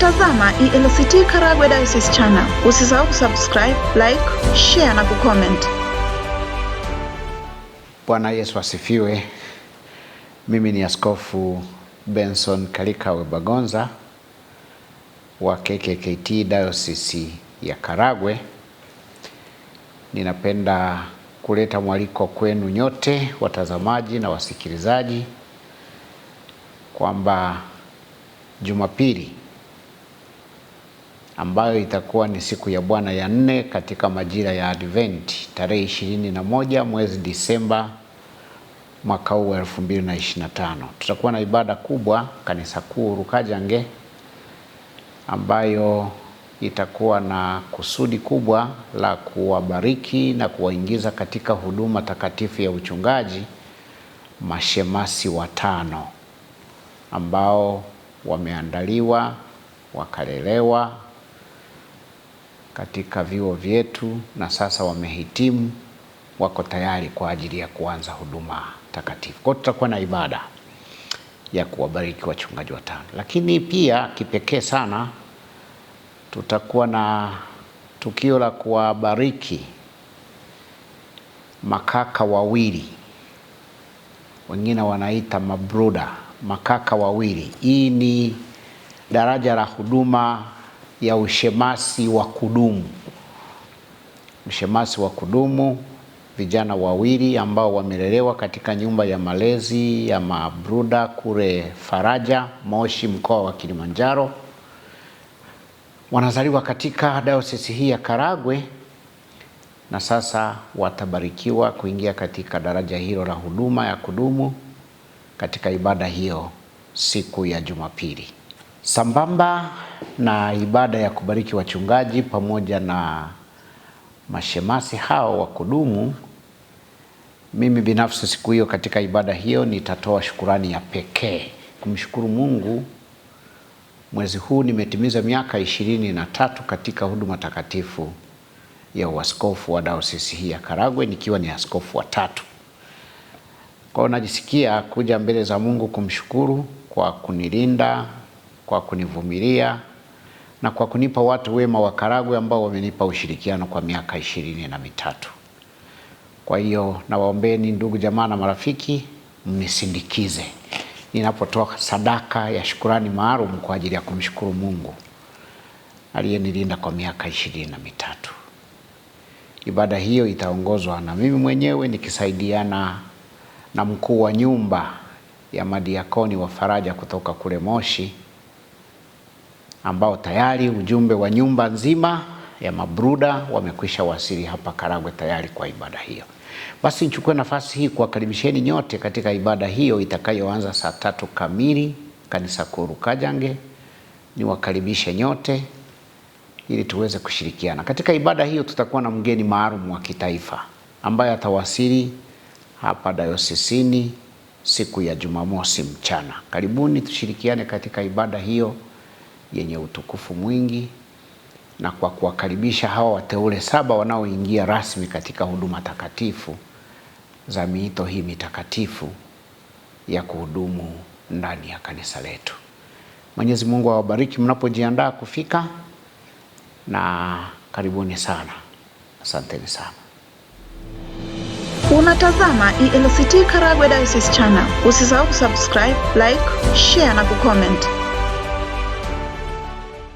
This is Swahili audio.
Unatazama ELCT Karagwe Diocese Channel. Usisahau kusubscribe, like, share na kucomment. Bwana Yesu asifiwe. Mimi ni Askofu Benson Kalikawe Bagonza wa KKKT Diocese ya Karagwe. Ninapenda kuleta mwaliko kwenu nyote watazamaji na wasikilizaji kwamba Jumapili ambayo itakuwa ni siku ya Bwana ya nne katika majira ya Advent tarehe moja mwezi Disemba mwaka huu wa tano. Tutakuwa na ibada kubwa kanisa kuu Rukajange ambayo itakuwa na kusudi kubwa la kuwabariki na kuwaingiza katika huduma takatifu ya uchungaji mashemasi watano ambao wameandaliwa wakalelewa katika vyuo vyetu na sasa wamehitimu, wako tayari kwa ajili ya kuanza huduma takatifu. Kwa tutakuwa na ibada ya kuwabariki wachungaji watano, lakini pia kipekee sana tutakuwa na tukio la kuwabariki makaka wawili, wengine wanaita mabruda, makaka wawili. Hii ni daraja la huduma ya ushemasi wa kudumu. Ushemasi wa kudumu, vijana wawili ambao wamelelewa katika nyumba ya malezi ya mabruda kule Faraja, Moshi, mkoa wa Kilimanjaro, wanazaliwa katika dayosisi hii ya Karagwe na sasa watabarikiwa kuingia katika daraja hilo la huduma ya kudumu katika ibada hiyo siku ya Jumapili sambamba na ibada ya kubariki wachungaji pamoja na mashemasi hao wa kudumu. Mimi binafsi siku hiyo, katika ibada hiyo, nitatoa shukurani ya pekee kumshukuru Mungu. Mwezi huu nimetimiza miaka ishirini na tatu katika huduma takatifu ya uaskofu wa dayosisi hii ya Karagwe nikiwa ni askofu wa tatu. Kwa hiyo najisikia kuja mbele za Mungu kumshukuru kwa kunilinda, kwa kunivumilia na kwa kunipa watu wema wa Karagwe ambao wamenipa ushirikiano kwa miaka ishirini na mitatu. Kwa hiyo nawaombeni ndugu jamaa na marafiki, mnisindikize ninapotoa sadaka ya shukurani maalum kwa ajili ya kumshukuru Mungu aliyenilinda kwa miaka ishirini na mitatu. Ibada hiyo itaongozwa na mimi mwenyewe nikisaidiana na mkuu wa nyumba ya madiakoni wa Faraja kutoka kule Moshi ambao tayari ujumbe wa nyumba nzima ya mabruda wamekwisha wasili hapa Karagwe tayari kwa ibada hiyo. Basi nichukue nafasi hii kuwakaribisheni nyote katika ibada hiyo itakayoanza saa tatu kamili kanisa kuu Rukajange. Niwakaribishe nyote ili tuweze kushirikiana katika ibada hiyo. Tutakuwa na mgeni maalum wa kitaifa ambaye atawasili hapa dayosisini siku ya Jumamosi mchana. Karibuni tushirikiane katika ibada hiyo yenye utukufu mwingi na kwa kuwakaribisha hawa wateule saba wanaoingia rasmi katika huduma takatifu za miito hii mitakatifu ya kuhudumu ndani ya kanisa letu. Mwenyezi Mungu awabariki mnapojiandaa kufika na karibuni sana. Asanteni sana. Unatazama ELCT Karagwe Diocese Channel. Usisahau kusubscribe, like, share na kucomment.